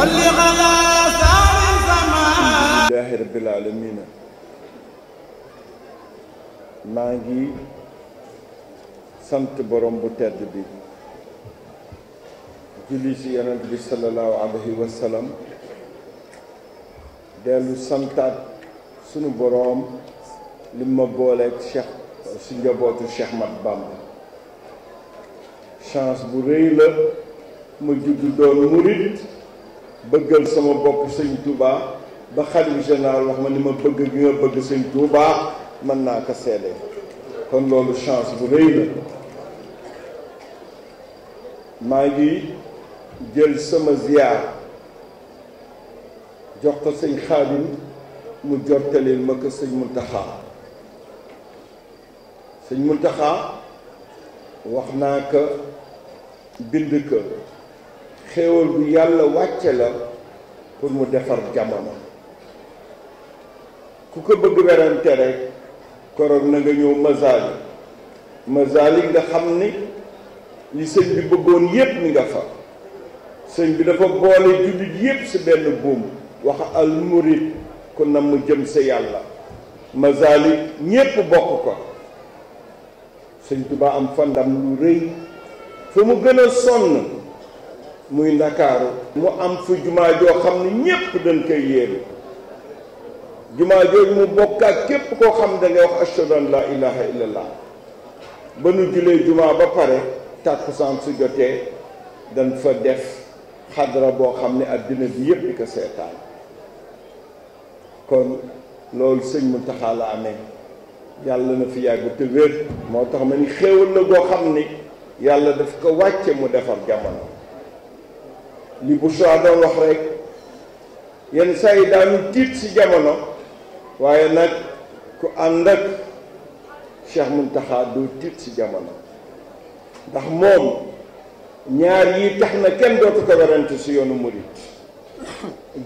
lillaahi rabbil aalamiina maa ngi sant borom bu tedd bi julli ci yonent bi sallallahu alayhi wa sallam dellu santaat sunu boroom li ma booleeg Cheikh si njabootu Cheikh Mat Bamba chance bu rëy la ma judd doon murit bëggal sama bopp sëñ Touba ba xalif général wax ma ni ma bëgg gi nga bëgg sëñ Touba mën naa ko seede kon loolu chance bu rëy la maa ngi jël sama ziar jox ko sëñ Xaadim mu jottalil ma ko sëñ Muntaxa sëñ Muntaxa wax naa ko bind ko xéewal bu yàlla wàcce la pour mu defar jamono ku ko bëgg werante rek koroog na nga ñëw mazaali mazaali nga xam ni li sëñ bi bëggoon yépp mi nga fa sëñ bi dafa boole jullit yépp ci benn buum wax al murid ku na mu jëm sa yàlla mazaali ñépp bokk ko sëñ Tuubaa am fa ndam lu rëy fu mu gën a sonn muy ndakaaru mu am fi jumaa joo xam ne ñépp dañ koy yéeru jumaa jooju mu bokk ak képp koo xam da ngay wax ashhadu an laa ilaha illallah ba nu julee jumaa ba pare tàkkusaan su jotee dañ fa def xadra boo xam ne àddina bi yépp di ko seetaan kon loolu sëñ mu taxaa la amee yàlla na fi yàgg te wér moo tax ma ni xéewal la goo xam ni yàlla daf ko wàcce mu defar jamono li Bouchra doon wax rek yenn saa yi daanu tiit ci jamono waaye nag ku ànd ak Cheikh Mountakha du tiit ci jamono ndax moom ñaar yi tax na kenn dootu ko werante ci yoonu murit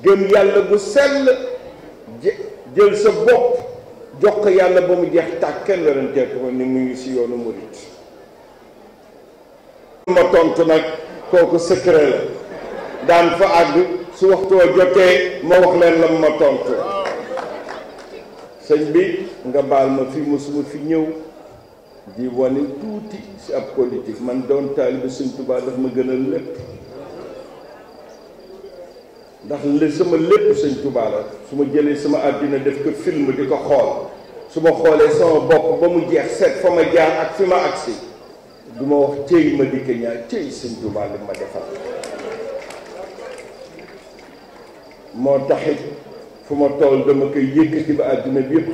gëm yàlla bu sell jël sa bopp jox ko yàlla ba mu jeex tàkk kenn werantee ni mu ngi ci yoonu murit ma tontu nag kooku secret la daan fa àgg su waxtoo jotee ma wax leen lam ma tontu sëñ bi nga baal ma fi mosuma fi ñëw di wane tuuti si ab politique man doon taalibe sëñ Tuubaa daf ma gënal lépp ndax li sama lépp sëñ Tuubaa su ma jëlee sama àddina def ko film di ko xool su ma xoolee sama bopp ba mu jeex seet fa ma jaar ak fi ma agsi du ma wax cëy ma dikke ñaar cëy sëñ Tuubaa li ma defal moo taxit fu tool dama koy yëkkati ba bi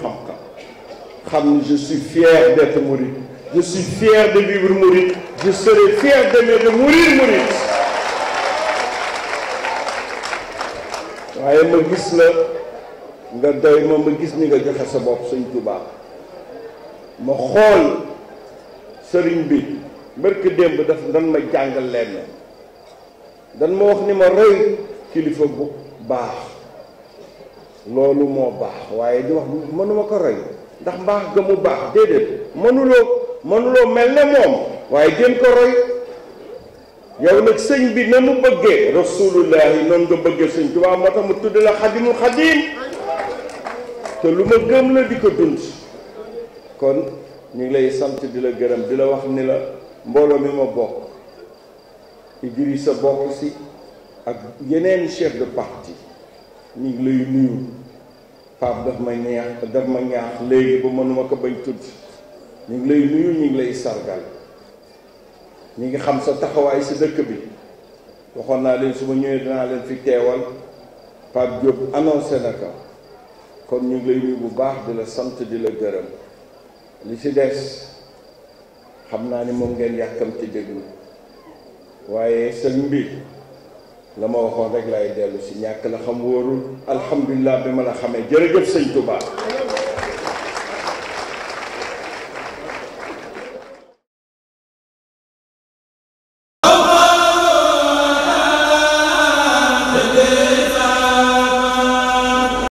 xam je suis fier d'être mouride je suis fier de vivre mouride je serai fier de de mourir mouride waaye ma gis la nga doy ma ma gis ni nga joxe sa bi ma dan ma wax ni ma bah lalu mo bah waye di wax mënuma ko roy ndax bah ga mu baax déedéet mënuloo mënuloo mel ne moom waaye gën ko roy yow nak señ bi na bëgge rasulullah non nga bëgge señ tuba moo tax tudd la khadim khadim te luma gëm la di dund kon ñu ngi lay sant di la gërëm di la wax ni la mbolo mi ma bok Idrissa si ak yeneen chef de parti ñu ngi lay nuyu Pape daf ma ñaax daf ma ñaax léegi bu mënuma ko bañ tudd ñu ngi lay nuyu ñu ngi lay sargal ñu ngi xam sa taxawaay si dëkk bi waxoon naa leen su ma ñëwee dinaa leen fi teewal Pape Diop annoncé na ko kon ñu ngi lay nuyu bu baax di la sant di la gërëm li ci des xam naa ni moom ngeen yàkkamte déglu waaye sëñ bi la ma waxoon rek laay dellu si ñàkk la xam wóorul alhamdulilah bi ma la xamee jërëjëf sëñ Touba.